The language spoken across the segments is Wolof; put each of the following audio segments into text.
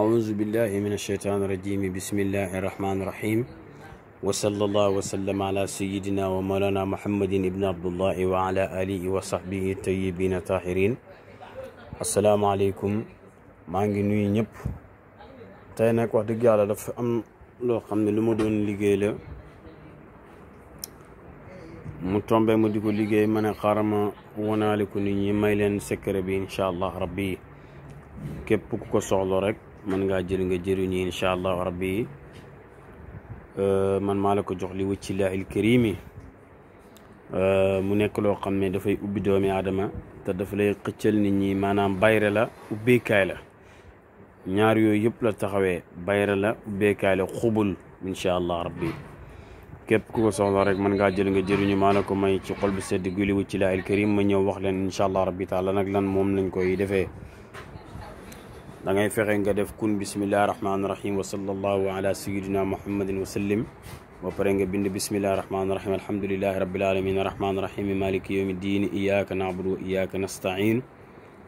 أعوذ بالله من الشيطان الرجيم بسم الله الرحمن الرحيم وصلى الله وسلم على سيدنا ومولانا محمد بن عبد الله وعلى آله وصحبه الطيبين الطاهرين السلام عليكم ماغي نوي نيب تاي نك واخ دغ يالا داف ام لو خامني لومو دون ليغي لا مو تومبي مو ديكو ليغي مانا خارما ونالكو نيت ني مايلن سكر بي ان شاء الله ربي كيب كوكو سوخلو رك man nga jël nga jëru ñi insha allah rabbi man malako jox li wëcci la il karimi mu nekk lo xamne da fay ubbi doomi aadama te dafa lay xëccël nit ñi manam bayra la ubbe kay la ñaar yoy yëpp la taxawé bayra la ubbe kay la xubul insha allah rabbi kep ku ko soxla rek man nga jël nga jëru ñu manako may ci xol bi sedd gu li ci la il karim ma ñëw wax leen insha allah rabbi taala nak lan mom lañ koy defé da ngay fexe nga def kun bisimilah rahmaani rahiim wa sallallahu ala sayyidina muhammadin wa sallim ba pare nga bind bisimilah rahmaani rahiim alhamdulilahi rabbil alamin rahmaani rahiim maliki yawmi diin iyyaka na'budu wa iyyaka nasta'in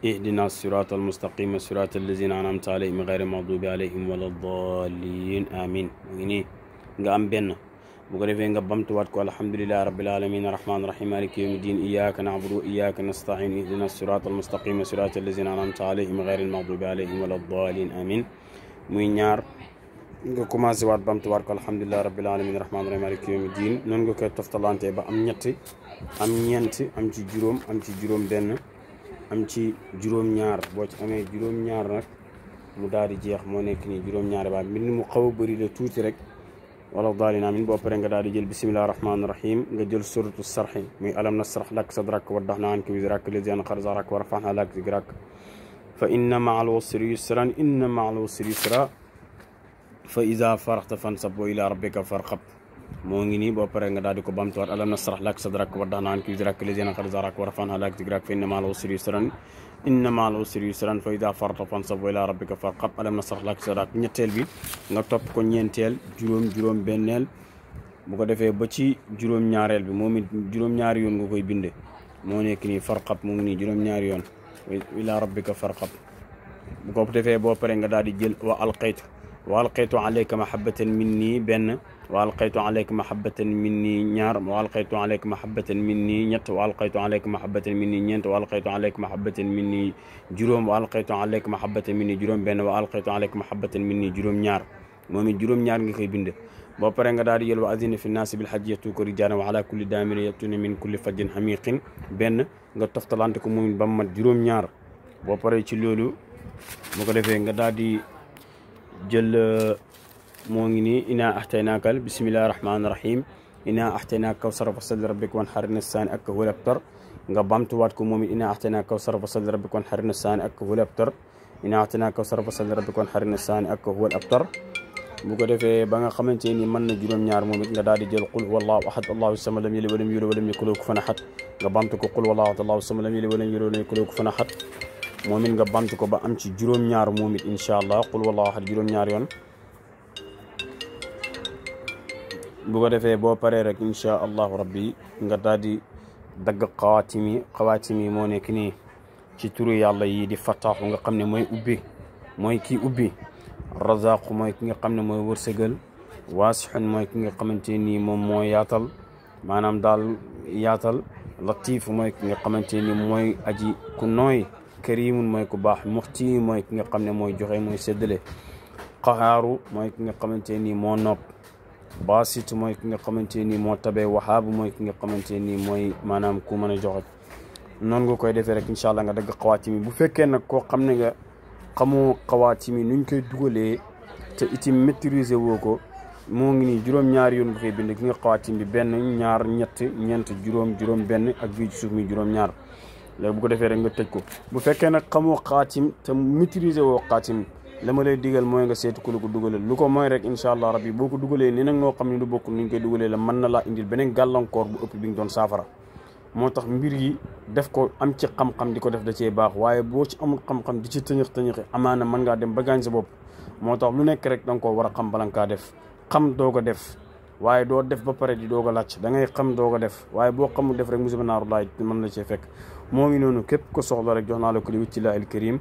ihdina sirata almustaqima sirata allazina an'amta alayhim ghayri maghdubi alayhim wala ddaalin amin mu ngi nii nga am benn مغربين قبمت واتك الحمد لله رب العالمين الرحمن الرحيم مالك يوم الدين اياك نعبد واياك نستعين اهدنا الصراط المستقيم صراط الذين انعمت عليهم غير المغضوب عليهم ولا الضالين امين موي نيار نكوما زوات بامت واتك الحمد لله رب العالمين الرحمن الرحيم مالك يوم الدين نونغو كي تفتلانتي با ام نيتي ام نينتي ام تي جوروم ام تي جوروم بن ام تي جوروم نيار بو تي امي جوروم نيار نك مو دادي جيخ مو نيك ني جوروم نيار با مين مو خاو بري لا توتي رك ولا ضالين امين بو برين غدا دي جيل بسم الله الرحمن الرحيم غا سوره الصرح مي الم نصرح لك صدرك وضحنا عنك وزرك لزين خرزارك ورفعنا لك ذكرك فان مع العسر يسرا ان مع العسر يسرا فاذا فرغت فانصب الى ربك فارغب موغي ني بوبرغا داديكو بامتوار الا نصرح لك صدرك ودانان كيزرك لزين خرزارك ورفعنا لك ذكرك في انما العسر يسرا انما العسر يسرا فاذا فرط فانصب الى ربك فارقب الا نصرح لك صدرك نيتيل بي نا توب كو نينتيل جوروم جوروم بنيل بوكو ديفه باتي جوروم نياريل بي مومن جوروم نياري يون غوكاي بيندي مو نيك ني فرقب جوروم نياري يون الى ربك فارقب بوكو ديفه بوبرغا دادي جيل والقيت والقيت عليك محبه مني بن والقيت عليك محبة مني نار والقيت عليك محبة مني نت والقيت عليك محبة مني نت والقيت عليك محبة مني جروم والقيت عليك محبة مني جروم بين والقيت عليك محبة مني جروم نار مومي جروم نار نخي بند بابر انغا داري يلو في الناس بالحج يتوك رجانا وعلى كل دامر يتوني من كل فج حميق بين غا تفتلانتك مومي بما جروم نار بابر يتلولو مقدفين غا داري جل موغني إنا أحتيناك بسم الله الرحمن الرحيم إنا أحتيناك كوثر فصل ربك وانحرنا السان أك هو لبتر قبامت واتكم مومي إنا أحتيناك كوثر فصل ربك وانحرنا السان أك هو لبتر إنا أحتيناك كوثر فصل ربك وانحرنا السان أك هو الأبتر bu ko defee ba nga xamante ni mën na juróom-ñaar moom it nga daal di jël qul wallahu ahad allahu sama lam yëli walam yëli walam yëkkuloo ko fan axat nga bamtu ko qul wallahu ahad allahu sama lam yëli walam yëli walam yëkkuloo ko fan axat moom it nga bamtu ko ba am ci juróom-ñaar moom it incha allah qul wallahu ahad juróom-ñaar yoon bu ko defé bo paré rek insha allah rabbi nga daal dag qawatimi qawatimi mo nek ni ci turu yàlla yi di fattaaxu nga xamné moy mooy ubbi mooy kii ubbi razaqu mooy ki nga xamné moy wursegal wasihun moy ki nga xamanteni mom mo yatal manam dal yatal latif moy ki nga xamanteni moy aji ku noy karimun mooy ku baax muxti mooy ki nga xam ne mooy joxe mooy séddale qaxaaru mooy ki nga xamante ni nopp baasit mooy ki nga xamante nii moo tabee waxaabu mooy ki nga xamante nii mooy maanaam ku mën a joxoj noonu nga koy defee rek incha allah nga dagg xawaati bu fekkee nag koo xam ne nga xamoo xawaati mi nuñ koy dugalee te itim maîtriser woo ko moo ngi nii juróom-ñaari yoon nga bind ki nga xawaati bi benn ñaar ñett ñeent juróom juróom benn ak bii juróom-ñaar léegi bu ko defee rek nga tëj ko bu fekkee nag xamoo xaatim te maîtriser woo xaatim la ma lay digal mooy nga seetu ku la ko dugalal lu ko mooy rek incha allah rabbi boo ko dugalee ni nag noo xam ne du bokk ni ñu koy dugalee mën na laa indil beneen gàllankoor bu ëpp bi nga doon saafara moo tax mbir yi def ko am ci xam-xam di ko def da cee baax waaye boo ci amul xam-xam di ci tëñëx tëñëxi amaana mën ngaa dem ba gaañ sa bopp moo tax lu nekk rek da nga war xam bala nga kaa def xam doo ko def waaye doo def ba pare di doog a laaj da ngay xam doog a def waaye boo xamul def rek musiba naaru laay mën na cee fekk moo ngi noonu képp ko soxla rek jox naa la ko li wicci laahil karim